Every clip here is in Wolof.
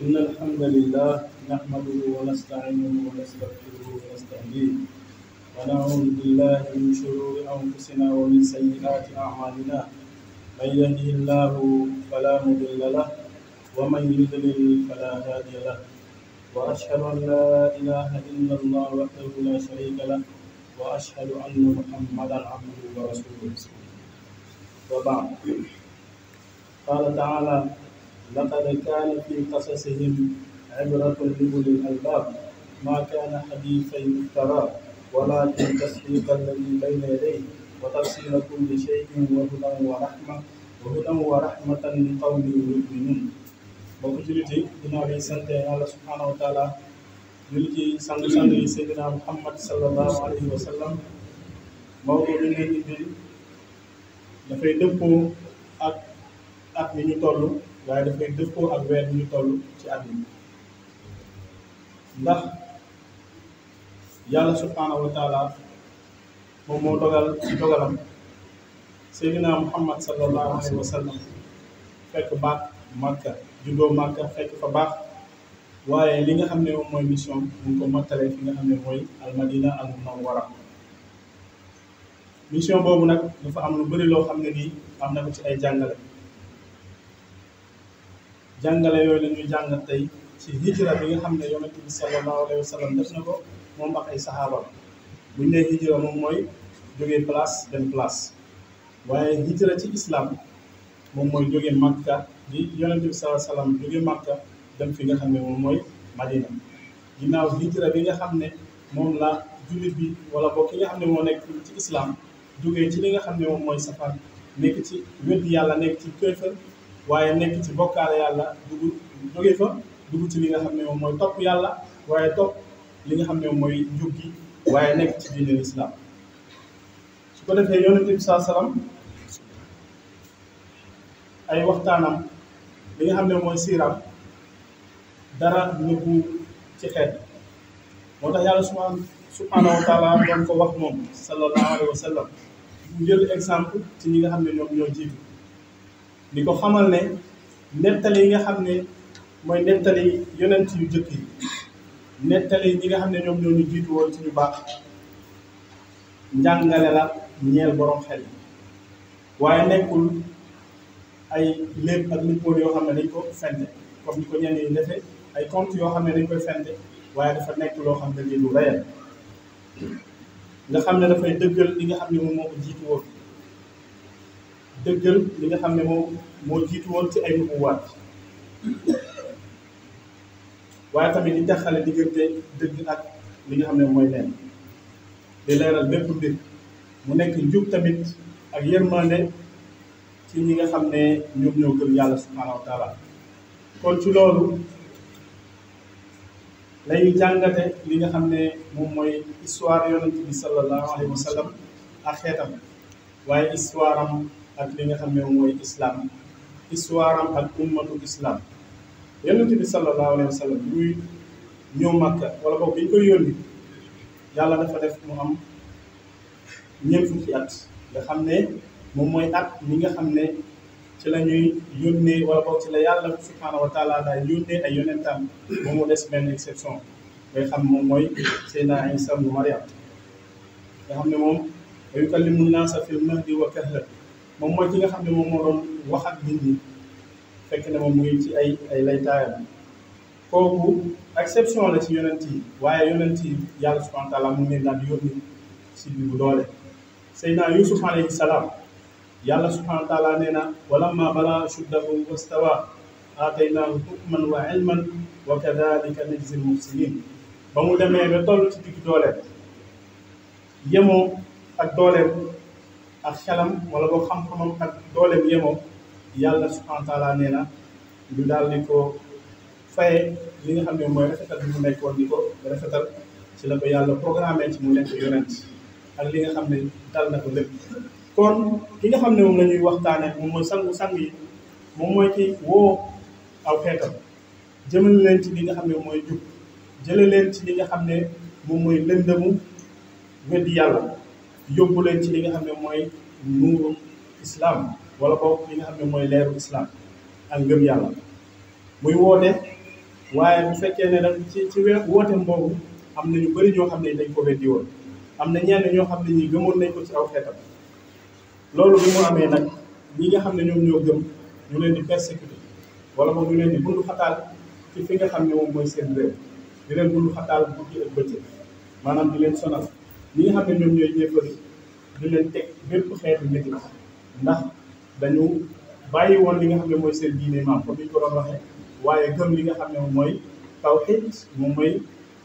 إن الحمد لله نحمده ونستعينه ونستغفره ونستهديه ونعوذ بالله من شرور أنفسنا ومن سيئات أعمالنا من يهده الله فلا مضل له ومن يضلل فلا هادي له وأشهد أن لا إله إلا الله وحده لا شريك له وأشهد أن محمدا عبده ورسوله وبعد قال تعالى لقد كان في قصصهم عبرة لأولي الألباب ما كان حديثا يفترى ولكن تصديق الذي بين يديه وتفصيل كل شيء وهدى ورحمة وهدى ورحمة لقوم يؤمنون bokk jullit yi ginnaaw yi sant yàlla subhaanahu wa taala ñu ci sang-sang yi seydina muhammad sallallahu alayhi wa sallam mawdu bi ñu leen indi dafay dëppoo ak at bi ñu toll waaye daf leen ak weer ñu toll ci àdduna ndax yàlla subhaanahu wa taala moom moo dogal ci dogalam seydina muhammad sallallahu alayhi wa fekk baax màkka juddoo màkka fekk fa baax waaye li nga xam ne moom mooy mission mu ngi ko mottalee fi nga xam ne mooy almadina al munawwara mission boobu nag dafa am lu bari loo xam ne nii am na ko ci ay jàngale jàngale yooyu la ñuy jàngal tey ci hijra bi nga xam ne yonent bi sallallahu alayhi wa sallam def na ko moom ak ay saxaabam buñ ñu nee hijra moom mooy jógee place dem place waaye hijra ci islaam moom mooy jógee Makka bi yonent bi sallallahu alayhi wa sallam jógee Makka dem fi nga xam ne moom mooy Madina ginnaaw hijra bi nga xam ne moom la jullit bi wala boog ki nga xam ne moo nekk ci islaam jógee ci li nga xam ne moom mooy safar nekk ci wedd yàlla nekk ci kéefër waaye nekk ci bokkaale yàlla dugg jóge fa dugg ci li nga xam ne mooy topp yàlla waaye topp li nga xam ne mooy jug gi waaye nekk ci diine lislaam su ko defee yonent bi saa salaam ay waxtaanam li nga xam ne dara moo tax yàlla subhaanahu subhaanahu wa taala ko wax moom sallallahu jël exemple ci ñi nga xam ne ñoom ñoo jiitu di ko xamal ne nettali yi nga xam ne mooy nettali yonent yu jëkk yi nettali ñi nga xam ne ñoom ñoo ñu jiitu woon ci ñu baax njàngale la ñeel borom xel yi waaye nekkul ay léeb ak lippool yoo xam ne dañ ko fente comme ni ko ñenn yi defee ay compte yoo xam ne dañ koy fente waaye dafa nekk loo xam ne lii lu reyal nga xam ne dafay dëggal li nga xam ne moo ko woon dëggal li nga xam ne moo moo jiitu woon ci ay nubuwaat waaye tamit di taxale diggante dëgg ak li nga xam ne mooy leen di leeral bépp mbir mu nekk njub tamit ak yërmande ci ñi nga xam ne ñoom ñoo gëm yàlla subhaanahu wa kon ci loolu lañuy jàngate li nga xam ne moom mooy histoire yonent bi sallallahu alayhi wa ak xeetam waaye histoire ak li nga xam ne mooy islam histoire am ak ummatu islam yonent bi sallallahu alayhi wa ñëw Makka wala boog bi ñu koy yónni yàlla dafa def mu am ñeent fukki at nga xam ne moom mooy at mi nga xam ne ci la ñuy yónnee wala boog yàlla subhaanahu wa taala daay mu des nga xam ne moom wa yukallimu naasa fil mahdi wa kahlan moom moo ki nga xam ne moom moo doon wax nit ñi fekk na moom mu ci ay laytaayam kooku exception la ci yonent yi waaye yonent yi yàlla subhaanahu wa mu ngi daan yónni si bi bu doole Seydina Yusuf alayhi salaam yàlla subhaanahu wa taala nee na walammaa balagha ashuddahu wastawaa aataynaahu hukman wa ilman wa kadhalika najzi al-muhsinin mu demee ba ci digg dooleem yemoo ak dooleem ak xelam wala ko xam-xamam ak dooleem yemoo yàlla subhanahu wa taala na daal di ko faye li nga xam ne mooy rafetal mu nekkoon di ko rafetal ci la ko yàlla programmé ci mu nekk yonent ak li nga xam ne dal na ko lépp kon ki nga xam ne moom lañuy waxtaanee waxtaane moom mooy sangu yi moom mooy ki woo aw xeetam jëmal leen ci li nga xam ne mooy jub leen ci li nga xam ne moom mooy lëndëmu weddi yàlla yóbbu leen ci li nga xam ne mooy nuuru islam wala boog li nga xam ne mooy leeru islam ak ngëm yàlla muy woote waaye bu fekkee ne nag ci ci wé wooteem boobu am na ñu bari ñoo xam ne dañ ko weddi woon am na ñenn ñoo xam ne ñi gëmoon nañ ko ci aw xeetam loolu bi mu amee nag ñi nga xam ne ñoom ñoo gëm ñu leen di persécuté wala boog ñu leen di bundu xataal ci fi nga xam ne moom mooy seen réew di leen bundu xataal guddi bëccëg maanaam di leen sonal li nga xam ne ñoom ñooy yéefari du leen teg bépp xeetu métti ndax dañu bàyyi woon li nga xam ne mooy seen diine maam comme ni ñu ko doon waxee waaye gëm li nga xam ne mooy tawhid moom mooy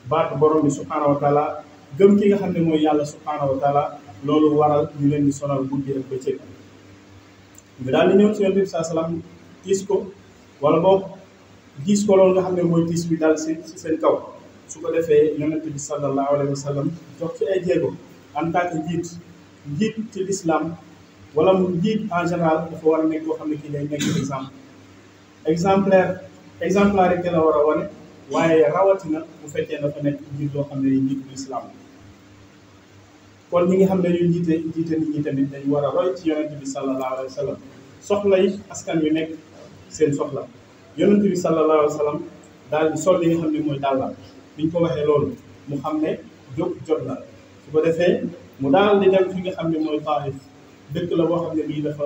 baatu borom bi subhaanahu wa gëm ki nga xam ne mooy yàlla subhaanahu wa taala loolu waral ñu leen di sonal guddi ak bëccëg ñu daal di ñëw seen yonent bi salaam tiis ko wala boog gis ko loolu nga xam ne mooy tiis bi dal si seen kaw. su ko defee yonent bi sallallahu alayhi wa sallam jox ci ay jéego en tant que njiit njiit ci l'islam wala mu njiit en général dafa war a nekk koo xam ne kii day nekk exemple exemplaire exemplarité la war a wane waaye rawatina bu fekkee dafa nekk njiit loo xam ne day njiit bu islam kon ñi nga xam ne ñu jiite jiite nit ñi tamit dañu war a roy ci yonent bi sallallahu alayhi wa soxla yi askan wi nekk seen soxla yonent bi sallallahu alayhi daal sol li nga xam biñ ko waxee loolu mu xam ne jóg jot la su ko defee mu daal di dem fi nga xam ne mooy Taif dëkk la boo xam ne bii dafa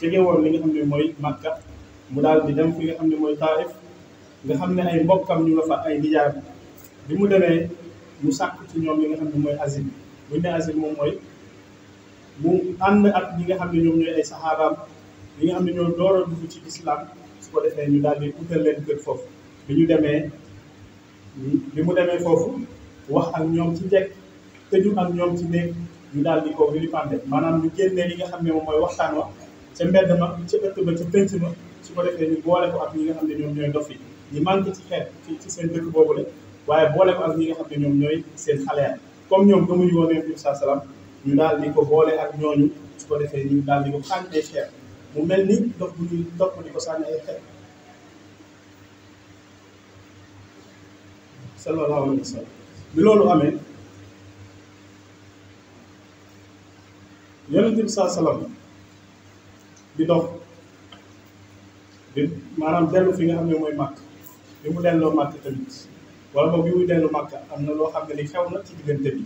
jege woon li nga xam ne mooy Makka mu daal di dem fi nga xam ne mooy Taif nga xam ne ay mbokkam ñu la fa ay nijaay bi mu demee mu sàkk ci ñoom li nga xam ne mooy asile buñ ne moom mooy mu ànd ak ñi nga xam ne ñoom ñooy ay saxaabaam li nga xam ne ñoo door a dugg ci islam su ko defee ñu daal di utal leen kër foofu bi ñu demee. bi mu demee foofu wax ak ñoom ci teg ñu ak ñoom ci néeg ñu daal di ko vilipender maanaam ñu génnee li nga xam ne moom mooy waxtaan wa ca ma ca ëtt ba ca pénc ma su ko defee ñu boole ko ak ñi nga xam ne ñoom ñooy dof yi ñu manqué ci xeet ci seen dëkk boobu la waaye boole ko ak ñi nga xam ne ñoom ñooy seen xale comme ñoom gëmuñu woon Yonent bi saa salaam ñu daal di ko boole ak ñooñu su ko defee ñu daal di ko xàñ ay xeer mu mel ni dox bu ñuy topp di ko sànni ay sallallahu alayhi wa sallam bi loolu amee yonent bi saa salaam di dox di maanaam dellu fi nga xam ne mooy màkk bi mu delloo màkk tamit wala boog bi muy dellu màkk am na loo xam ne ni xew na ci diggante bi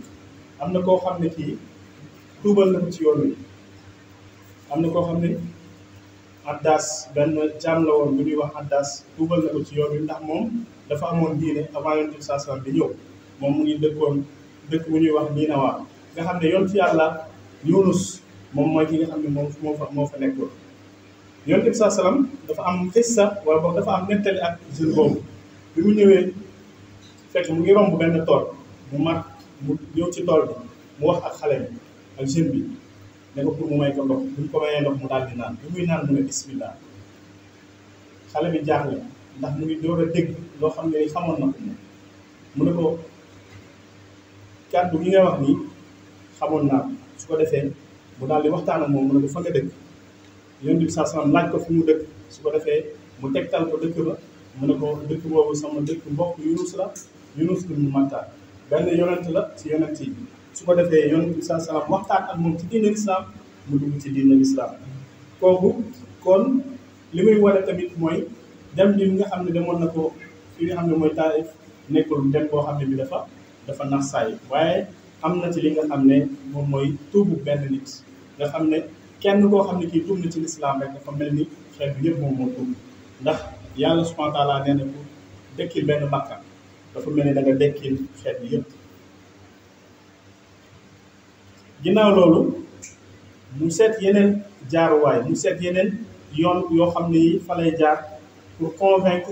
am na koo xam ne kii tuubal na ko ci yoon wi am na koo xam ne addas benn jaam la woon bu ñuy wax addas tuubal na ko ci yoon wi ndax moom dafa amoon diine avant yonent bi saa salaam di ñëw moom mu ngi dëkkoon dëkk bu ñuy wax Niinawa nga xam ne yonent yàlla Yunus moom mooy ki nga xam ne moom moo fa moo fa nekkoon yonent bi saa salaam dafa am xissa wala boog dafa am nettali ak jeune boobu bi mu ñëwee fekk mu ngi romb benn tool mu mag mu ñëw ci tool bi mu wax ak xale bi ak jeune bi ne ko pour mu may ko ndox bu ñu ko mayee ndox mu daal di naan bi muy naan mu ne bismillah xale bi jaaxle ndax mu ngi door a dégg loo xam ne xamoon na ko mu ne ko kàddu gi nga wax nii xamoon naa ko su ko defee mu daal di waxtaan ak moom mu ne ko fa nga dëkk yonent bi saa salaam laaj ko fi mu dëkk su ko defee mu tegtal ko dëkk ba mu ne ko dëkk boobu sama dëkk mbokk yunus la yunus ibn Matta benn yonent la ci yonent yi su ko defee yonent bi saa salaam waxtaan ak moom ci diine lislaam mu dugg ci diine lislaam kooku kon li muy wane tamit mooy dem bi nga xam ne demoon na ko fi nga xam ne mooy taarif nekkul dem koo xam ne bi dafa dafa nax saay waaye am na ci li nga xam ne moom mooy tuubu benn nit nga xam ne kenn koo xam ne kii tuub na ci lislaam rek dafa mel ni xeet bi yëpp moom moo tuub ndax yàlla subhana taala nee na ku dekkil benn bakkan dafa mel ni da nga dekkil xeet bi yëpp ginnaaw loolu mu seet yeneen jaaruwaay mu seet yeneen yoon yoo xam ne yi fa lay jaar pour convaincre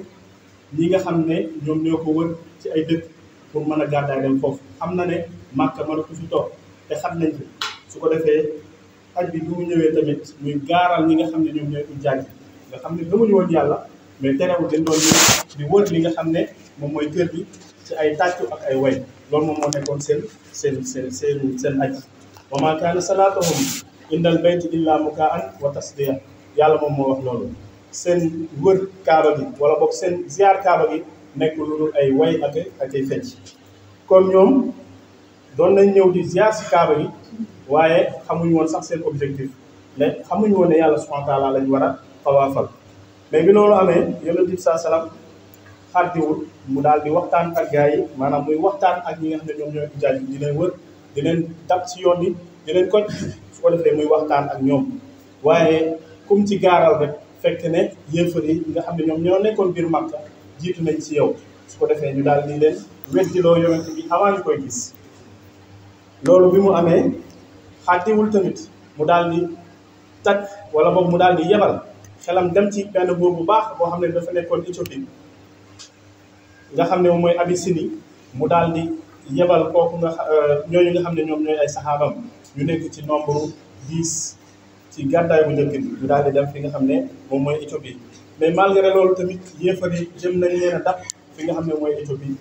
ñi nga xam ne ñoom ñoo ko wër ci ay dëkk pour mën a gàddaay dem foofu xam na ne màkk mënatu si toog te xam nañ ko su ko defee aj bi bu mu ñëwee tamit muy gaaral ñi nga xam ne ñoom ñooy ujjaaj nga xam ne gëmuñu woon yàlla mais terewul dañ doon di wër li nga xam ne moom mooy kër bi ci ay tàccu ak ay way loolu moom moo nekkoon seen seen seen seen seen aj wa ma kaana salaatuhum indal bayt illa mukaan wa tasdiya yàlla moom moo wax loolu seen wër kaaba gi wala boog seen ziar kaaba gi nekk lu dul ay way ak ay fecc kon ñoom doon nañ ñëw di ziar si kaaba gi waaye xamuñ woon sax seen objectif mais xamuñu woon ne yàlla subhanahu wa taala lañ war a tawaafal mais bi loolu amee yonent bi saa salaam xàddiwul mu daal di waxtaan ak gars yi maanaam muy waxtaan ak ñi nga xam ne ñoom ñooy ujaaj bi wër di leen dab si yoon yi di leen koj muy waxtaan ak ñoom waaye comme ci gaaral rek fekk ne yéefar yi nga xam ne ñoom ñoo nekkoon biir Màkka jiitu nañ ci yow su ko defee ñu daal di leen weddiloo yonent bi avant ñu koy gis loolu bi mu amee xàttiwul tamit mu daal di takk wala boog mu daal di yebal xelam dem ci benn buur bu baax boo xam ne dafa nekkoon Éthiopie nga xam ne moom mooy Abyssinie mu daal di yebal kooku nga euh, ñooñu nga xam ne ñoom ñooy ay saxaabam ñu nekk ci nombre dix ci gàntaay bu njëkk bi ñu di dem fi nga xam ne moom mooy Éthiopie mais malgré loolu tamit yéefar yi jëm nañ leen a dàq fi nga xam ne mooy Éthiopie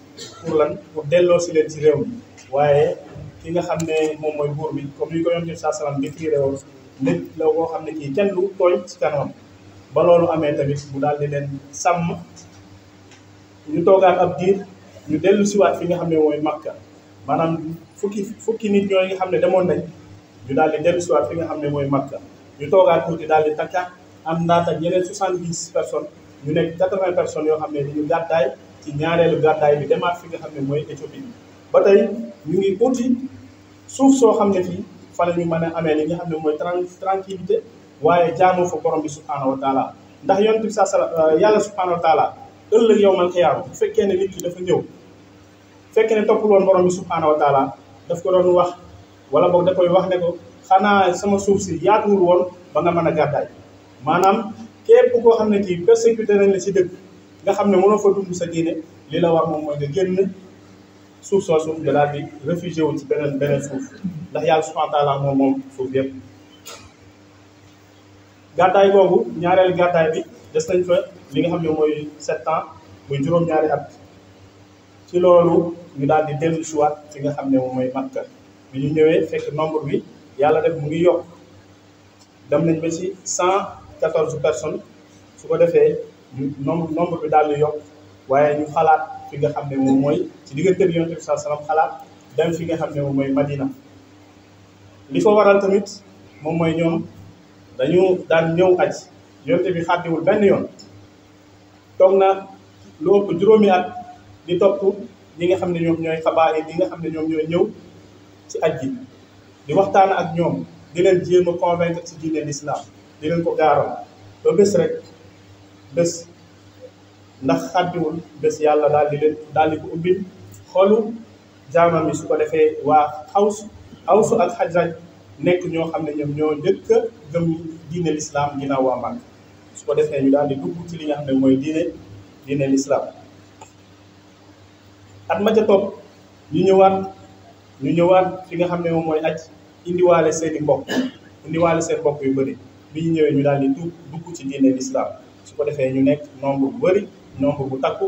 pour lan pour delloo si leen ci réew mi waaye ki nga xam ne moom mooy buur bi comme ni ko yoon def saa salaam bi nit la koo xam ne kii kenn du tooñ ci kanamam ba loolu amee tamit bu daal di leen sàmm ñu toogaan ab diir ñu dellu siwaat fi nga xam ne mooy Makka maanaam fukki fukki nit ñooy nga xam ne demoon nañ ñu daal di dellu siwaat fi nga xam ne mooy Makka ñu toogaat tuuti daal di takkaat àndaat ak yeneen soixante-dix personnes ñu nekk quatre-vingts personnes yoo xam ne dañu gàddaay ci ñaareelu gàddaay bi demaat fi nga xam ne mooy Éthiopie bi ba tey ñu ngi uti suuf soo xam ne fii fa la ñu mën a amee li nga xam ne mooy tranquillité waaye jaamu fa borom bi subhaanahu wa ndax yonent bi sa sala euh, yàlla subhaanahu wa taala ëllëg yow man xiyaaru bu fekkee ne nit dafa ñëw fekkee ne toppul woon borom bi subhaanahu wa daf ko doon wax wala boog da wax ne ko xanaa sama suuf si yaatuwul woon ba nga mën a gàddaay maanaam képp koo xam ne kii persécuté nañ la si dëkk nga xam ne mënoo fa sa diine li la war moom mooy nga génn suuf soo suuf nga daal di réfugié beneen beneen suuf ndax yàlla subhana taala moom moom suuf yëpp gàddaay boobu ñaareel gàddaay bi des nañ fa li nga xam ne mooy sept ans muy juróom-ñaari at ci loolu ñu daal di dellu siwaat ci nga xam ne moom mooy Makka bi ñu ñëwee fekk nombre bi yàlla def mu ngi yokk dem nañ ba ci cent quatorze personnes su ko defee nombre bi daal di yokk waaye ñu xalaat fi nga xam ne moom mooy ci diggante bi yonent xalaat dem fi nga xam ne moom mooy Madina li ko waral tamit moom mooy ñoom dañu daan ñëw aj yonte bi xàddiwul benn yoon toog na lu ëpp juróomi at di topp ñi nga xam ne ñoom ñooy xabaar yi ñi nga xam ne ñoom ñooy ñëw ci aj gi di waxtaan ak ñoom di leen jéem a convaincre ci diine l'islam di leen ko gaaral ba bés rek bés ndax xàddiwul bés yàlla daal di leen daal ko ubbil xolu jaamam yi su ko defee waa xaws xawsu ak xajraj nekk ñoo xam ne ñoom ñoo njëkk a gëm diine l'islam ginnaaw waa Màkk su ko defee ñu daal di dugg ci li nga xam ne mooy diine diine l'islam at ma topp ñu ñëwaat ñu ñëwaan fi nga xam ne moom mooy aj indiwaale seen i mbokk indiwaale seen mbokk yu bëri bi ñu ñëwee ñu daal di dugg ci diine l'islam su ko defee ñu nekk nombre bu bëri nombre bu takku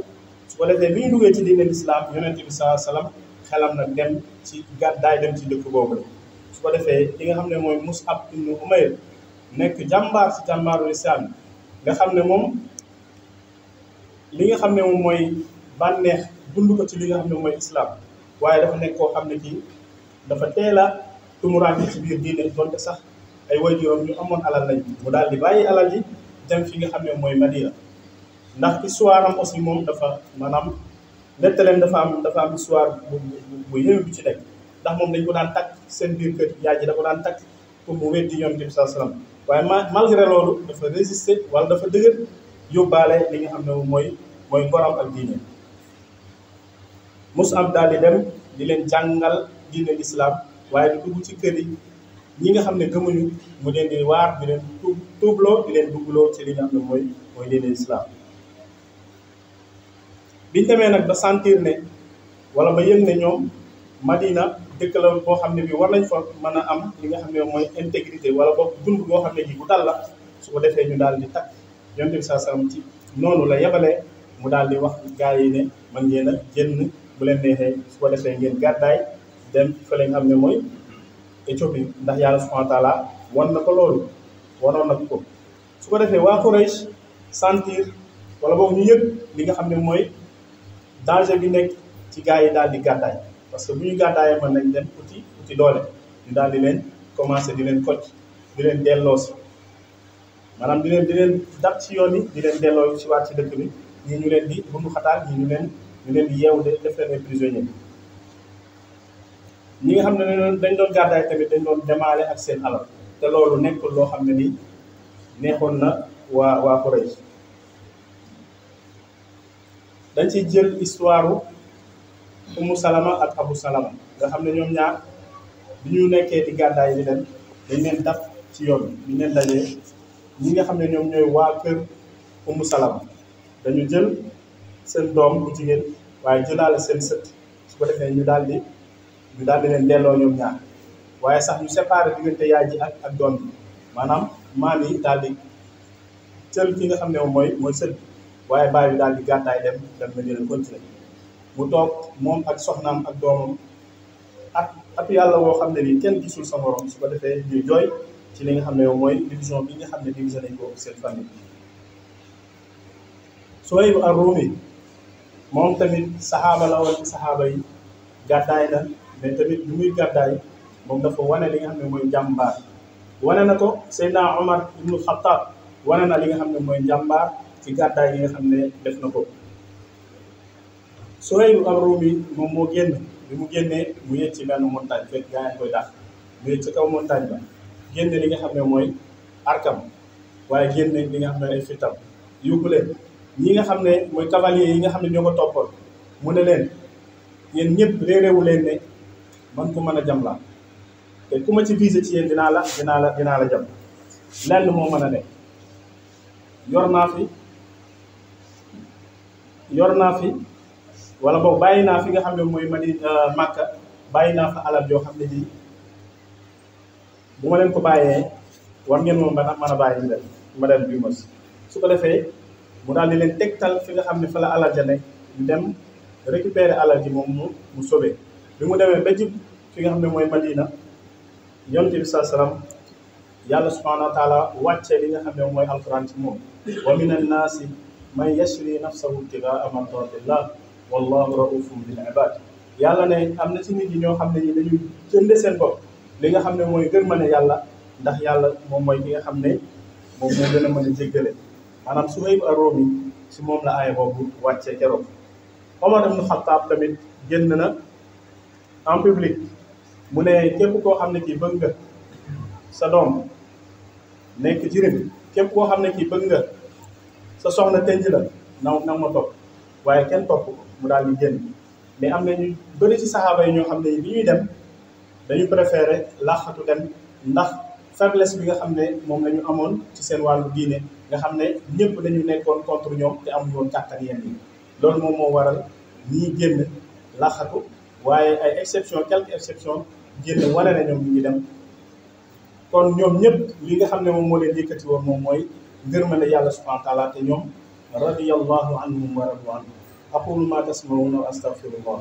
su ko defee bi ñu duggee ci diine l'islam yonente bi saa salaam xelam nag dem ci gàddaay ci dëkk boobu la defee li nga xam ne mooy Mus'ab ibn Umayr nekk jàmbaar ci jàmbaaru lislaam nga xam ne moom li nga xam ne moom mooy bànneex dund ko ci li nga xam ne mooy islam waaye dafa nekk koo xam ne kii dafa teel a tumuraanke ci biir diine donte sax ay waajuram ñu amoon alal lañ mu daal di bàyyi alal ji dem fi nga xam ne mooy Madina ndax histoire am aussi moom dafa maanaam nettaleem dafa am dafa am histoire bu bu yëngu bi ci nekk ndax moom dañ ko daan takk seen biir kër yaay ji da daan takk pour mu weddi yonent bi saa salaam waaye malgré loolu dafa résister wala dafa dëgër yóbbaale li nga xam ne mooy mooy ngoram ak diine. Mus'ab daal di dem di leen jàngal diine lislaam waaye di dugg ci kër yi ñi nga xam ne gëmuñu mu leen di waar di leen tuub tuubloo di leen duggloo ci li nga xam ne mooy mooy diine lislaam biñ demee nag ba sentir ne wala ba yëg ne ñoom Madina dëkk la boo xam ne bi war nañ fa mën a am li nga xam ne mooy intégrité wala boog dund boo xam ne gi bu dal la su ko defee ñu daal di takk yonent bi saa salaam ci noonu la yebalee mu daal di wax gaa yi ne mën ngeen a génn bu leen neexee su ko defee ngeen gàddaay dem fa lañ xam ne mooy Éthiopie ndax yàlla subhanahu wa wan na ko loolu wanoon na ko su ko defee waa Quraysh sentir wala boog ñu yëg li nga xam ne mooy danger bi nekk ci gaa yi daal di gàddaay parce que bu ñu gàddaayee mën nañ leen uti uti doole ñu daal di leen commencé di leen kocc di leen delloo si maanaam di leen di leen dab ci yoon yi di leen delloo si waat ci dëkk bi ñii ñu leen di bundu xataal ñii ñu leen ñu leen di yeew de def leen ñi nga xam ne dañ doon gàddaay tamit dañ doon demaale ak seen alal te loolu nekkul loo xam ne nii neexoon na waa waa Quraysh dañ ci jël histoire Umu Salama ak Abu Salama nga xam ne ñoom ñaar bi ñu nekkee di gàddaay di dem dañ leen daf ci yoon bi ñu leen dajee ñi nga xam ne ñoom ñooy waa kër Umu Salama dañu jël. seen doom bu jigéen waaye jëlaale seen sët su ko defee ñu daal di ñu daal di leen delloo ñoom ñaar waaye sax ñu séparé diggante yaay ji ak ak doom bi maanaam maam yi daal di cël ki nga xam ne mooy mooy sët waaye baay bi daal di gàddaay dem dem na leen continuer mu toog moom ak soxnaam ak doomam ak ak yàlla woo xam ne nii kenn gisul sa su ko defee ñuy jooy ci li nga xam ne mooy division bi nga xam ne divisé nañ ko seen famille. sooy bu moom tamit saxaaba la woon ci saxaaba yi gàddaay la mais tamit lu muy gàddaay moom dafa wane li nga xam ne mooy njàmbaar wane na ko Seydina Omar ibnu Xattaab wane na li nga xam ne mooy njàmbaar ci gàddaay yi nga xam ne def na ko Suhayb ar-Rumi moom moo génn bi mu génnee mu yëg ci benn montagne fekk gaa ngi koy dàq mu yëg ci kaw montagne ba génn li nga xam ne mooy arkam waaye génne li nga xam ne ay fitam yóbbu ñi nga xam ne mooy cavalier yi nga xam ne ñoo ko toppoon mu ne leen yéen ñëpp réeréewu leen ne man ko mën a jam laa te ku ma ci visé ci yéen dinaa la dinaa la dinaa la jam lenn moo mën a ne yor naa fi yor naa fi wala boog bàyyi naa fi nga xam ne mooy man euh, mani màkka bàyyi naa fa alal yoo xam ne ji bu ma leen ko bàyyee war ngeen moom ba mën a bàyyi ma dem bi mos su ko defee mu daal di leen tegtal fi nga xam ne fa la alal ja nekk ñu récupérer alal ji moom mu mu sobee bi mu demee ba jib fi nga xam ne mooy Madina yonent bi saa salaam yàlla subhaanahu wa taala wàccee li nga xam ne mooy alquran ci moom wa min annaasi man yashri nafsahu ibtigaa mardatillah wallahu raufum bil ibad yàlla ne am na ci nit ñi ñoo xam ne ñi dañuy jënde seen bopp li nga xam ne mooy gën mën a yàlla ndax yàlla moom mooy ki nga xam ne moom moo gën a mën a jéggale maanaam Suhayb a rumi si moom la aaya boobu wàccee keroog Omar ibn Khattab tamit génn na en public mu ne képp koo xam ne kii bëgg nga sa doom nekk jirim képp koo xam ne kii bëgg nga sa soxna tënj la na na ma topp waaye kenn topp mu daal di génn mais am na ñu bëri ci saxaaba yi ñoo xam ne bi ñuy dem dañu préféré laaxatu dem ndax faiblesse bi nga xam ne moom la ñu amoon ci seen wàllu diine nga xam ne ñëpp dañu nekkoon contre ñoom te am woon kàttan yenn yi loolu moom moo waral ñii génn laxatu waaye ay exception quelques exceptions génn wane na ñoom ñu ngi dem kon ñoom ñëpp li nga xam ne moom moo leen yëkkati woon moom mooy ngërmande yàlla subhanahu wa taala te ñoom radiyallahu anhum wa radu anhu aqulu ma tasmauna wa astaghfirullah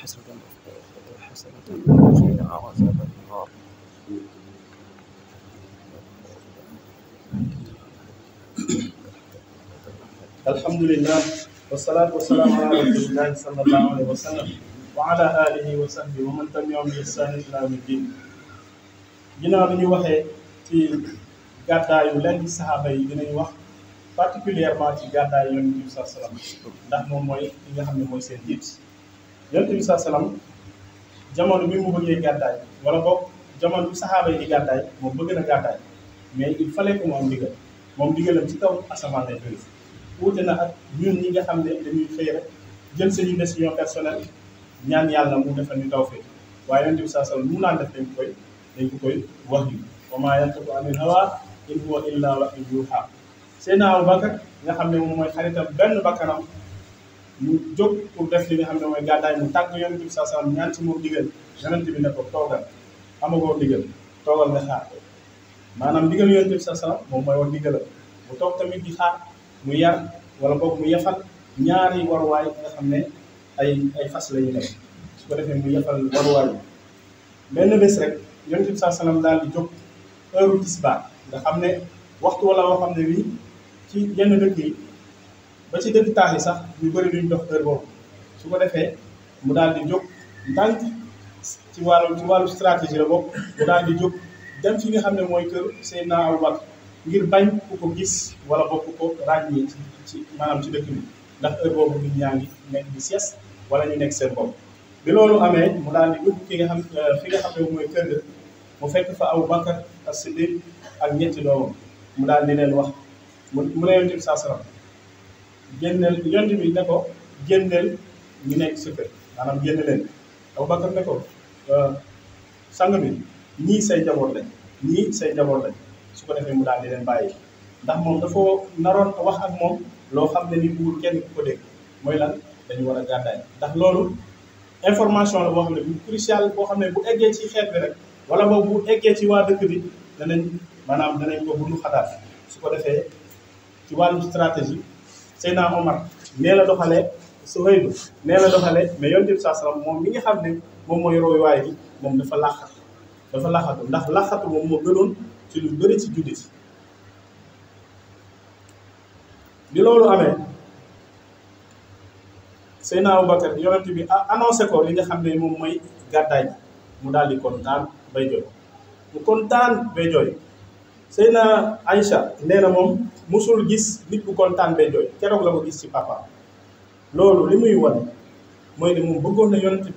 حسرة alhamdulillah wasalaatu wasalaamu ala rasulillahi sallallahu alayhi wa sallam wa ala alihi wa man tabi'ahum bi ihsaanin ila din ginnaaw bi ñu waxee ci gàddaayu lenn saxaaba yi dinañ wax particulièrement ci gàddaayu yonent bi saa salaam ndax moom mooy li nga xam ne mooy seen jiit yonent bi saa salaam jamono bi mu bëggee gàddaay wala boog jamono bi saxaaba yi di gàddaay moom bëgg na gàddaay mais il fallait que mu am ndigal moom ndigalam ci kaw asamaan lay jóge wuute na ak ñun ñi nga xam ne dañuy xëy rek jël suñu décision personnelle ñaan yàlla mu defal ñu taw fee waaye yonent bi saa sallam mu naan def ko koy wax yu wa maa yantiqu anil hawaa in huwa illaa wahyun yuuhaa Seydina Abubakar nga xam ne moom mooy xaritam benn bakkanam mu jóg pour def li nga xam ne mooy gàddaay mu tàgg yonent bi saa sallam ñaan ci moom digal yonent bi ne ko toogal amagoo digal toogal nga xaar maanaam digal yonent bi saa moom mooy wax digalam mu toog tamit di xaar mu yar wala boog mu yefal ñaari waruwaay nga xam ne ay ay fas la ñu su ko defee mu yefal waruwaay bi benn bés rek yonent bi sa salaam daal di jóg heure tisbaar nga xam ne waxtu wala woo ne bii ci yenn dëkk yi ba ci dëkk taax yi sax ñu bëri duñ dox heure su ko defee mu daal di jóg ndànk ci wàllu ci wàllu stratégie la bokk mu daal di jóg dem fi nga xam ne mooy kër Seydina Abubakar ngir bañ ku ko gis wala bokk ko ràññee ci ci maanaam ci dëkk bi ndax heure boobu nit ñaa ngi nekk di sies wala ñu nekk seen bopp bi loolu amee mu daal di dugg ki nga xam euh, fi nga xam ne mu fekk fa Abu Bakar as-Siddiq ak ñetti doomam mu daal di leen wax mu mu ne yonte bi saa saram ne ko génneel ñu nekk sa kër maanaam génn leen Abu Bakar ne ko euh, sang bi ñii say njaboot lañ ñii say njaboot lañ su ko defee mu daal di leen bàyyi ndax moom dafoo naroon wax ak moom loo xam ne ni buur kenn ku ko dégg mooy lan dañu war a gàddaay ndax loolu information la boo xam ne bu boo xam ne bu eggee ci xeet rek wala boobu bu eggee ci waa dëkk bi danañ maanaam danañ ko bunu xadaat su ko defee ci wàllu stratégie Seydina Omar nee la doxalee Suhayb nee la doxalee mais yonent bi saa salaam moom li nga xam ne moom mooy royuwaay bi moom dafa làqatu dafa làqatu ndax làqatu moom moo gënoon ci lu bëri ci jullit bi loolu amee Seydina Abubakar yonent bi annoncé ko li nga xam ne moom mooy gàddaay mu daal di kontaan bay jooy mu kontaan bay jooy Seydina Aïcha nee na moom musul gis nit bu kontaan bay jooy keroog la ko gis ci papa loolu li muy wan mooy ne moom bëggoon na yonent bi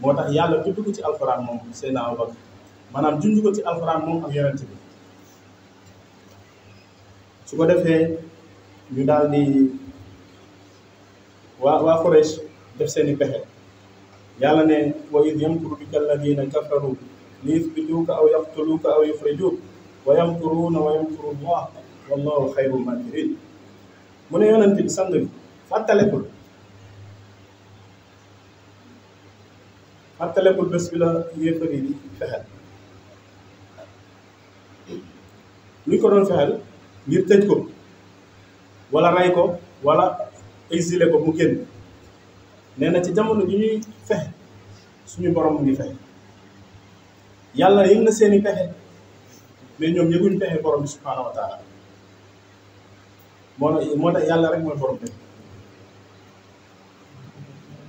moo tax yàlla tudd ko ci alxuraan moom Seydina Abubakar maanaam junj ko ci alxuraan moom ak yonent bi su ko defee ñu daal di waa waa Quraysh def seeni pexe yàlla ne wa id yamkuru bika alladina kafaru li yuthbituuka aw yaqtuluuka aw yuxrijuuk wa yamkuruuna wa yamkuru llah wallahu xayrul makirin mu ne yonent bi sang bi fàttalekul fàttalekul bés bi la yéefar yi ñu ko doon fexeel ngir tëj ko wala rey ko wala exilé ko mu génn nee na ci jamono ji ñuy fexe suñu borom mu ngi fexe yàlla yëg na seeni pexe mais ñoom yëguñu pexe borom bi subhaanahu wa moo tax moo tax yàlla rek mooy borom pexe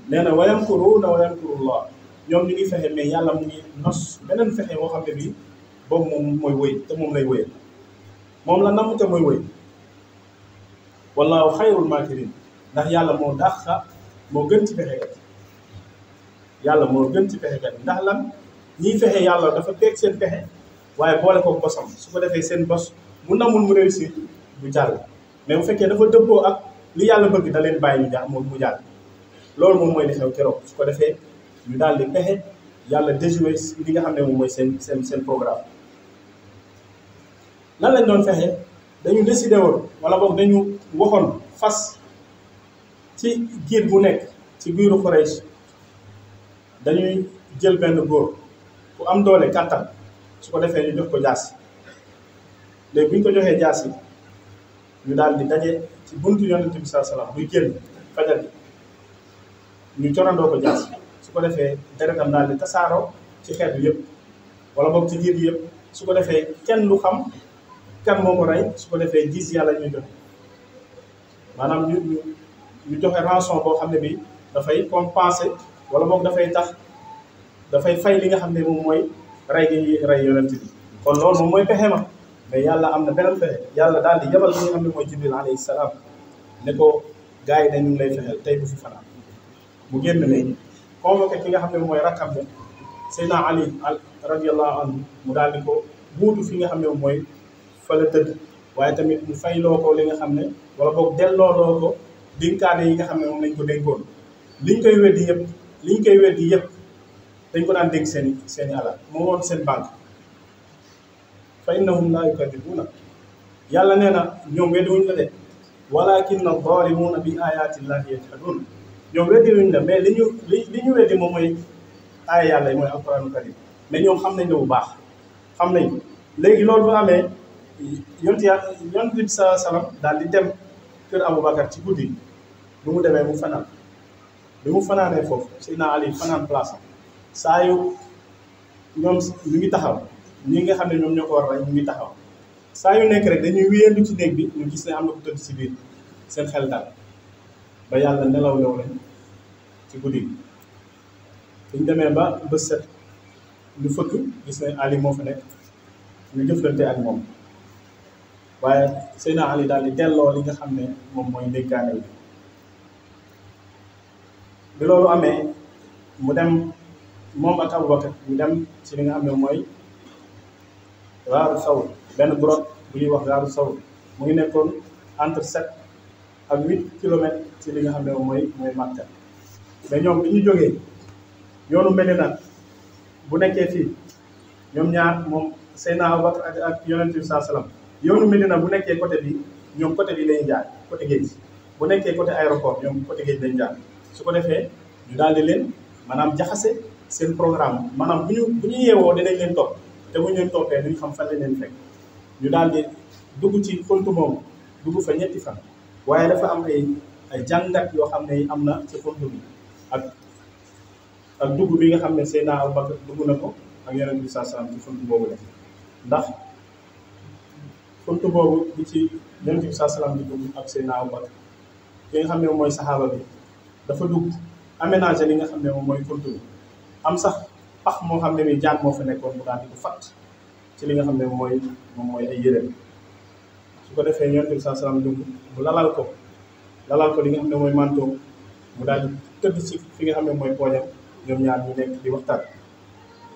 nee na wa yamkuruuna wa yamkurullah ñoom ñu ngi fexe mais yàlla mu ngi nos beneen fexe boo xam ne bii boobu moom mooy wéy te moom lay wéyal. moom la namm te muy woy wallaahu xayrul maakirin ndax yàlla moo dàqa moo gën ci fexekat yàlla moo gën ci fexekat ndax lan ñiy fexe yàlla dafa teg seen pexe waaye boole ko bosam su ko defee seen bos mu namul mu réussir bu jàll mais bu fekkee dafa dëppoo ak li yàlla bëgg da leen bàyyi ñu jàll moom mu jàll loolu moom mooy li xew keroog su ko defee ñu daal di pexe yàlla déjoué li nga xam ne moom mooy seen seen seen programme nan lañ doon fexe dañu décidé woon wala boog dañu waxoon fas ci giir bu nekk ci biiru Quraysh dañuy jël benn góor ku am doole kàttan su ko defee ñu jox ko jaas ko joxee jaas yi ñu daal di daje ci buntu yonent bi saa salaam buy génn fajar bi ñu corandoo ko jaas su ko defee deretam daal di tasaaroo ci xeet bi yëpp wala boog ci giir gi yëpp su ko defee kenn lu xam kan moom rey su ko defee gis yàlla ñuy joxe maanaam ñu ñu ñu joxe xam ne bi dafay compenser wala moom dafay tax dafay fay li nga xam ne moom mooy rey gi ñuy rey kon loolu moom mooy pexe ma mais yàlla am na beneen pexe yàlla daal di yabal li nga xam ne mooy jibril alayhi salaam ne ko gars yi dañu lay fexeel tey bu fi fanaan mu génn léegi convoqué ki nga xam ne mooy rakkam ne Seydina Ali radiyallahu anhu mu daal di ko buutu fi nga xam ne mooy fa la tëdd waaye tamit fay fayloo ko li nga xam ne wala boog dellooloo ko dénkaane yi nga xam ne moom lañ ko déggoon liñ koy weddi yëpp liñ koy weddi yëpp dañ ko daan dénk seen seen i alal moo woon seen banque fa innahum laa yukadibuuna yàlla nee na ñoom weddi wuñ la de walakinna daalimuuna bi ayaatillahi yajhaduun ñoom weddi wuñ la mais li ñu li li ñu weddi moom mooy aaya yàlla yi mooy alquraanu karim mais ñoom xam nañ ne bu baax xam nañ léegi loolu amee yonent yàlla yonent bi sa salaam daal di dem kër Aboubacar ci guddi bi mu demee mu fanaan bi mu fanaanee foofu Seydina Ali fanaan place am saa yu ñoom ñu ngi taxaw ñi nga xam ne ñoom ñoo ko war a ñu ngi taxaw saa yu nekk rek dañuy wéyandu ci néeg bi ñu gis ne am na tëdd si biir seen xel daal ba yàlla nelaw law leen ci guddi bi demee ba bés set ñu fëkk gis ne Ali moo fa nekk ñu jëflante ak moom waaye Seydina Ali daal di delloo li nga xam ne moom mooy ndénkaane bi bi loolu amee mu dem moom ak Abubakar ñu dem ci li nga xam ne mooy Gaaru Sawr benn grotte bu ñuy wax Gaaru Sawr mu ngi nekkoon entre sept ak huit kilomètres ci li nga xam ne mooy mooy Makka mais ñoom bi ñu jógee yoonu Medina bu nekkee fii ñoom ñaar moom Seydina Abubakar ak ak yonent bi saa salaam yoonu Medina bu nekkee côté bi ñoom côté bi lay jaay côté géej bu nekkee côté aéroport ñoom côté géej lañ jaay su ko defee ñu daal di leen maanaam jaxase seen programme maanaam bu ñu bu ñu yeewoo dinañ leen topp te bu ñu leen toppee duñ xam fan lañ leen fekk ñu daal di dugg ci xontu moomu dugg fa ñetti fan waaye dafa am ay ay jàngat yoo xam ne am na ci xontu bi ak ak dugg bi nga xam ne seen Seydina Abubakar dugg na ko ak Yonent bi sallallahu alayhi wasallam ci xontu boobu la ndax. bunt boobu bi ci yonent bi saa salaam di dugg ak Seydina Abubakar ki nga xam ne mooy saxaaba dafa dugg aménagé li nga xam ne moom mooy bunt bi am sax pax moo xam ne nii jaan moo fa nekkoon mu daal di ci li nga xam ne mooy moom mooy ay yére su ko defee yonent bi saa salaam dugg mu lalal ko lalal ko li nga xam ne mooy manteau mu daal di tëdd ci fi nga xam ne mooy pooñam ñoom ñaar ñu nekk di waxtaan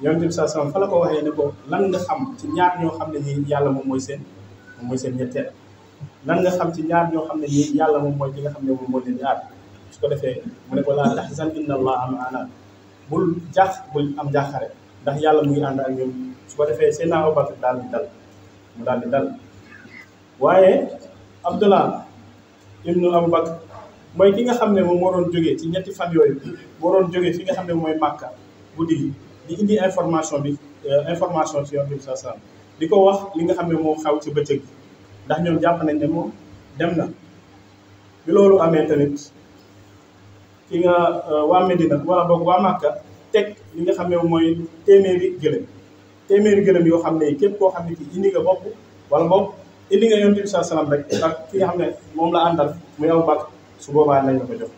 yonent bi saa salaam fa la ko waxee ne ko lan nga xam ci ñaar ñoo xam ne nii yàlla moom mooy seen mooy seen ñetteel nan nga xam ci ñaar ñoo xam ne nii yàlla moom mooy ki nga xam ne moom moo leen di aar su ko defee mu ne ko laa tahzan inna allaha maana bul jaax bul am jaaxare ndax yàlla mu ngi ànd ak ñoom su defee seen naa Abubakar daal di dal daal dal waaye Abdullah ibnu Abubakar mooy ki nga xam ne moom moo doon jógee ci ñetti fan yooyu moo doon jógee fi nga xam ne mooy Màkka guddi gi di indi information bi euh, information ci yoon bi sa di ko wax li nga xam ne moo xaw ci bëccëg ndax ñoom jàpp nañ ne moom dem na bi loolu amee tamit ki nga euh, waa Medina wala boog waa Màkka teg li nga xam ne mooy téeméeri gëlëm téeméeri gëlëm yoo xam ne képp koo xam ne ki indi nga bopp wala boog indi nga yonent bi saa salaam rek ak ki xam ne moom la àndal mu yow bàkk su boobaa nañ la ko jox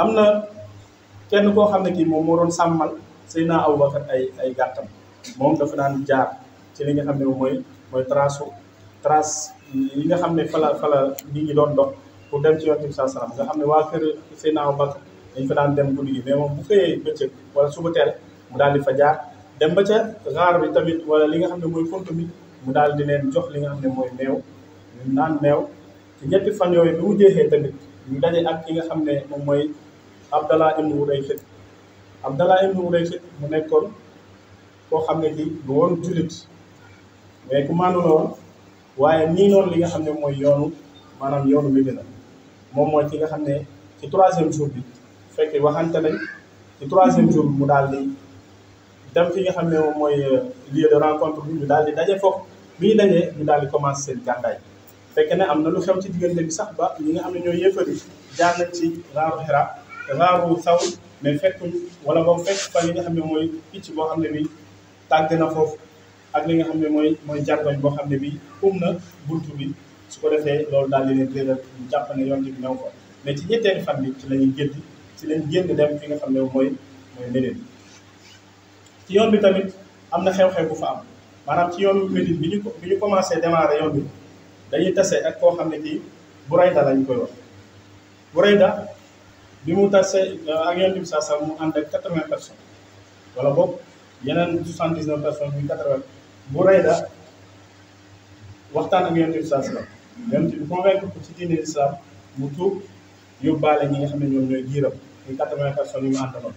am na kenn koo xam ne kii moom moo doon sàmmal Seydina Aboubacar ay ay gàttam moom dafa daan jaar ci li nga xam ne mooy mooy trace trace yi nga xam ne fala fala nit ñi doon dox pour dem ci Yonent bi saa salaam nga xam ne waa dañ fa daan dem guddi gi mais moom bu mu daal di fa jaar dem ba ca xaar bi tamit wala li nga xam ne mooy compte bi mu daal di leen jox li nga xam ne mooy meew ñu naan meew ci ñetti fan yooyu bi mu jeexee tamit ñu daje ak ki nga xam ne moom mooy Abdallah ibn Huraysit Abdallah ibn Huraysit mu nekkoon koo xam ne kii du woon jullit mais ku maanu la woon waaye nii li nga xam ne mooy yoonu maanaam yoonu Medina moom mooy ki nga xam ne ci troisième jour bi fekkee waxante nañ ci troisième jour bi mu daal di dem fi nga xam ne moom mooy euh, lieu de rencontre bi ñu daal di daje foofu bi ñu dajee ñu daal di commencé seen gàddaay fekk ne am na lu xew ci diggante bi sax ba ñi nga xam ne ñooy yëfari jaar nañ ci raaru Hira raaru saw mais fekku wala ba mu fekk fan yi nga xam ne mooy picc boo xam ne bi tàgg na foofu ak li nga xam ne mooy mooy jargoñ boo xam ne bi um na buntu bi su ko defee loolu daal di leen réeral yoon bi naw ko mais ci ñetteelu fan bi ci la ñuy génn ci lañ génn fi nga xam ne mooy mooy Médine ci yoon bi tamit am na xew bu fa am maanaam ci yoon Médine bi ñu bi ñu commencé démarrer yoon bi dañuy tase ak koo xam ne kii Burayda lañ koy wax bi mu tase euh, ak yonent bi saa saa mu ànd ak quatre-vingts personnes wala boog yeneen soixante-dix-neuf personnes muy quatre-vingts bu rey da waxtaan ak yonent bi saa saa ci diine islam mu tuub yóbbaale ñi nga xam ne ñoom ñooy giiram muy quatre-vingts personnes yu mu àndaloon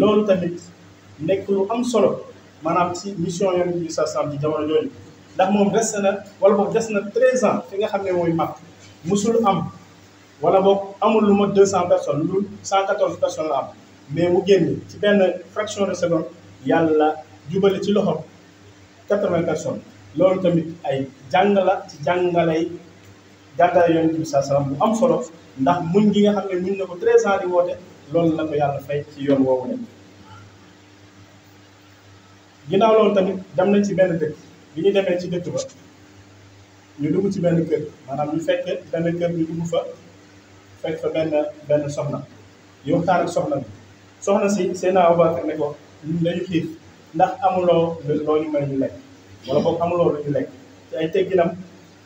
loolu tamit nekk lu am solo maanaam ci mission yonent bi saa saa ci jamono jooju ndax moom des na wala boog des na treize ans fi nga xam ne mooy mag musul am wala boog amul lu ma deux cent personnes lu dul cent quatorze personnes la am mais mu génn ci benn fraction de seconde yàlla jubale ci loxo quatre-vingts personnes loolu tamit ay jàngala ci jàngalay jàngale yonent bi saa salaam bu am solo ndax muñ gi nga xam ne muñ na ko treize ans di woote loolu la ko yàlla fay ci yoon woowu ne ginnaaw loolu tamit dem nañ ci benn dëkk bi ñu defee ci dëkk ba ñu dugg ci benn kër maanaam ñu fekk benn kër ñu dugg fa fekk fa benn soxna di waxtaan ak soxna bi soxna si seen Abubakar ne ko ñun dañu xiif ndax amuloo loo ñu may lekk wala boog amuloo lu ñu lekk ci ay tegginam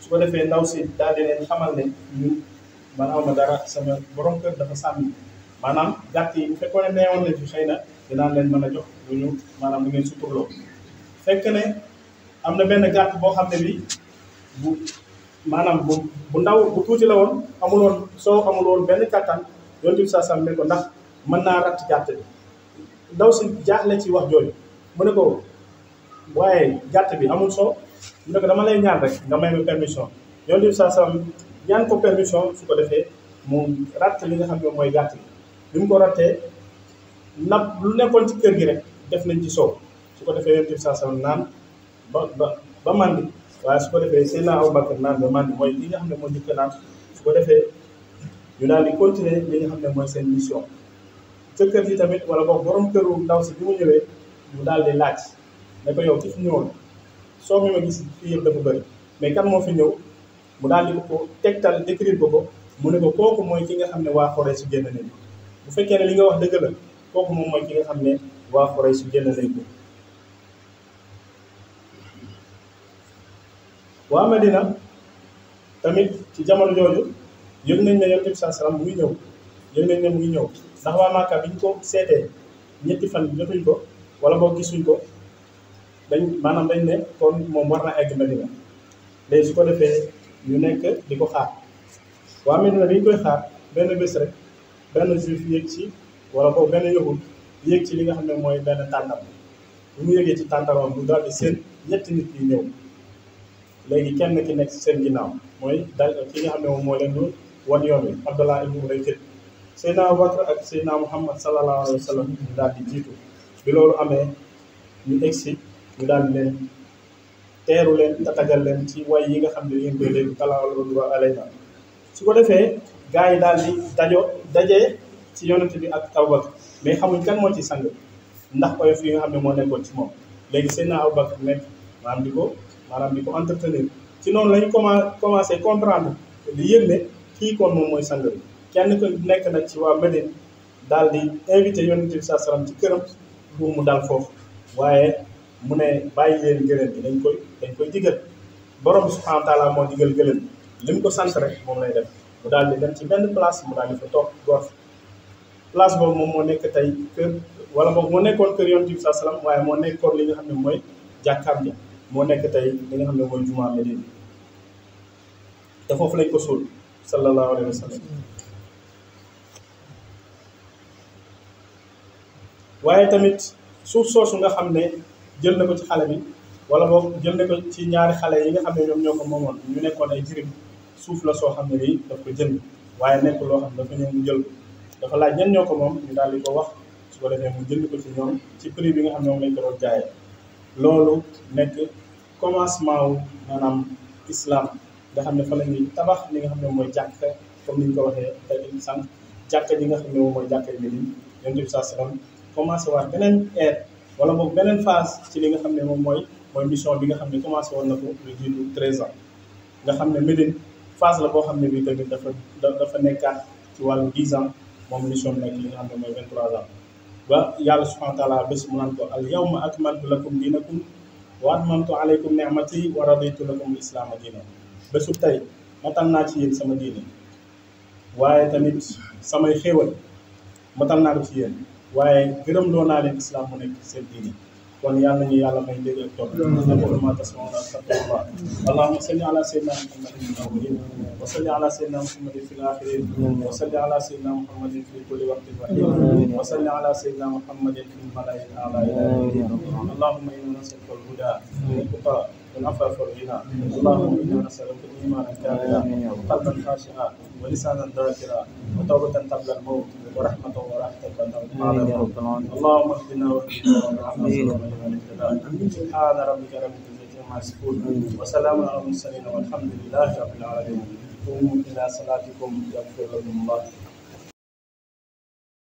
su ko defee ndaw si daal di leen xamal ne ñun man awma dara sama borom kër dafa sàmmi maanaam gàtt yi bu fekkoon a neewoon na fi xëy na dinaan leen mën a jox lu ñu maanaam lu ngeen suturloo fekk ne am na benn gàtt boo xam ne bi maanaam bu bu ndaw bu tuuti la woon amul woon soo amul woon benn kàttan yonent bi saa ko ndax mën naa ratt gàtt bi ndaw si ci wax jooju mu ne ko waaye gàtt bi amul soo mu dama lay ñaan rek nga may ma permission yonent bi saa sam ñaan ko permission su ko defee mu ratt li nga xam ne mooy gàtt bi bi mu ko lu nekkoon ci kër gi rek def nañ ci soow su ko defee yonent bi saa sam naan ba ba ba màndi waaye su ko defee Seydina Aboubacar naan la man mooy li nga xam ne mooy njëkk naan su ko defee ñu daal di continuer li nga xam ne mooy seen mission jëkkër ji tamit wala boog borom këru ndaw si bi mu ñëwee mu daal di laaj ne ko fi ñëwoon soo mi ma gis fii dafa bëri mais kan moo fi ñëw mu daal di ko tegtal décrire ko ko mu ne kooku mooy ki nga xam ne waa Quraysh génn nañ ko bu fekkee ne li nga wax dëgg la kooku moom mooy ki nga xam ne waa Quraysh génn nañ ko waa Medina tamit ci jamono jooju yëg nañ ne yonent bi sallallahu alayhi wasallam mu ngi ñëw yëg nañ ne mu ñëw ndax waa Màkka bi ñu ko seetee ñetti fan jotuñ ko wala boo gisuñ ko dañ maanaam dañ ne kon moom war na egg Medina léegi su ko defee ñu nekk di ko xaar waa Medina bi ñu koy xaar benn bés rek benn juif yéeg ci wala boobu benn yëgul yéeg ci li nga xam ne mooy benn tàndam bu mu yëgee ci tàndamam bu daal di seen ñetti nit ñi ñëw léegi kenn ki nekk seen ginnaaw mooy daal ki nga xam ne moom moo leen du wan yoon wi Abdallah ibnu Mulaykit Seydina Abubakar ak Seydina Muhammad sallallahu alayhi wa sallam ñu daal di jiitu bi loolu amee ñu egsi ñu daal di leen teeru leen tatagal leen ci way yi nga xam ne yéen koy dégg talaaloon wa su ko defee gars yi daal di dajo dajee ci yonent bi ak Abubakar mais xamuñ kan moo ci sang ndax oyof yi nga xam ne moo nekkoon ci moom léegi Seydina Abubakar nekk maanaam di ko maanaam di ko entretenir ci noonu la ñu commencé comprendre li yëg ne kii kon moom mooy sang kenn ku nekk nag ci waa Médine daal di invité yonent bi sa salaam ci këram pour mu dal foofu waaye mu ne bàyyi leen gëlëm bi dañ koy dañ koy digal borom subhaanahu wa moo digal gëlëm li mu ko sant rek moom lay def mu daal di dem ci benn place mu daal di fa toog goor place boobu moom moo nekk tey kër wala boog moo nekkoon kër yonent bi saa salaam waaye moo nekkoon li nga xam ne mooy jàkkaam ja moo nekk tey li xam ne mooy jumaa Médine te foofu lañ ko sol sallallahu alayhi wa sallam waaye tamit suuf soosu nga xam ne jël na ko ci xale bi wala boog jël na ko ci ñaari xale yi nga xam ne ñoom ñoo ko moomoon ñu nekkoon ay jirim suuf la soo xam ne nii daf ko jënd waaye nekk loo xam ne dafa ñëw mu jël ko dafa laaj ñan ñoo ko moom ñu daal di ko wax su ko defee mu jënd ko ci ñoom ci prix bi nga xam ne moom lañ ko doon jaayee. loolu nekk commencement wu maanaam islam nga xam ne fa la ñuy tabax li nga mooy jàkka comme ni ñu ko waxee tey sànq jàkka nga xam ne moom mooy jàkka ji nii yonent bi saa salaam commencé waat beneen ère wala boog beneen phase ci li nga xam ne moom mooy mooy mission bi nga xam ne commencé woon na ko lu jiitu 13 ans nga xam ne Médine phase la boo xam ne bii tamit dafa dafa nekkaat ci wàllu 10 ans moom mission bi nekk li nga xam ne mooy 23 ans. ba yàlla subhaanahu wa taala bés mu naan ko al yawma akmaltu lakum diinakum wa atmamtu alaykum ni'mati wa raditu lakum islaama diina bésu tey matal naa ci yéen sama diine waaye tamit samay xéewal matal naa ci yéen waaye gërëm loo naa ne islaam mu nekk seen diine kon yal nañu yàlla may dégg ak topp nakoulma tasmaona taqwa allahumma salli ala sayyidina muhammadin awwalin wa salli ala sayyidina muhammadin fil akhirin wa salli ala sayyidina muhammadin fi kulli waqtin wahin wa salli ala sayyidina muhammadin fil mala'il a'la allahumma inna nas'aluka al-huda wal-tuqa والعفو فرجنا اللهم انا نسالك ايمانا كاملا وقلبا خاشعا ولسانا ذاكرا وتوبه قبل الموت ورحمه ورحمه قبل الموت اللهم اهدنا واهدنا سبحان ربك رب العزه عما يصفون وسلام على المرسلين والحمد لله رب العالمين قوموا الى صلاتكم يغفر لكم الله